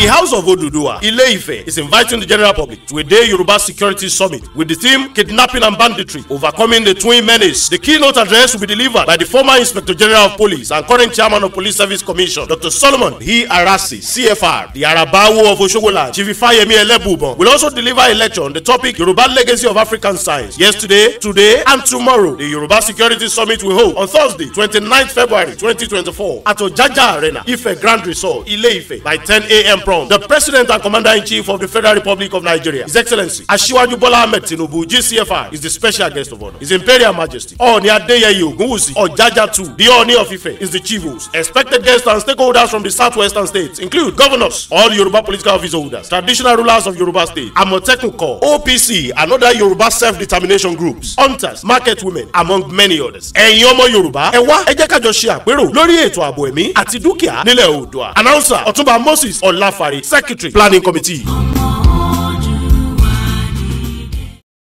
The House of Oduduwa, Ile-Ife, is inviting the general public to a day Yoruba Security Summit with the theme Kidnapping and Banditry, Overcoming the Twin Menace. The keynote address will be delivered by the former Inspector General of Police and current Chairman of Police Service Commission, Dr. Solomon He Arasi, CFR. The Arabawo of Oshogoland, Chief Ifayemi Elebubon, will also deliver a lecture on the topic Yoruba Legacy of African Science. Yesterday, today, and tomorrow, the Yoruba Security Summit will hold on Thursday, 29th February 2024 at Ojaja Arena, Ife Grand Resort, Ile-Ife, by 10 a.m from the President and Commander-in-Chief of the Federal Republic of Nigeria, His Excellency Asiwaju Bola Ahmed Tinubu, GCFR, is the special guest of honor. His Imperial Majesty Ọọ̀ni Adéyẹyẹ Ògúnwùsì Ọ̀jájá too, the Ọọ̀ni of Ife, is the chief host. Expected guests and stakeholders from the southwestern states include governors, all Yoruba political office holders, traditional rulers of Yoruba state, Amotekun Corps, OPC, and other Yoruba self-determination groups, hunters, market women, among many others. Ẹ̀yin ọmọ Yorùbá, ẹ wá ẹ jẹ́ kájọ ṣe àpérò lórí ètò ààbò ẹ̀mí àti dúkìá nílẹ̀ Oòduà. Announcer Ọ̀túnba Moses Ọláf Fari, Secretary, Planning Committee.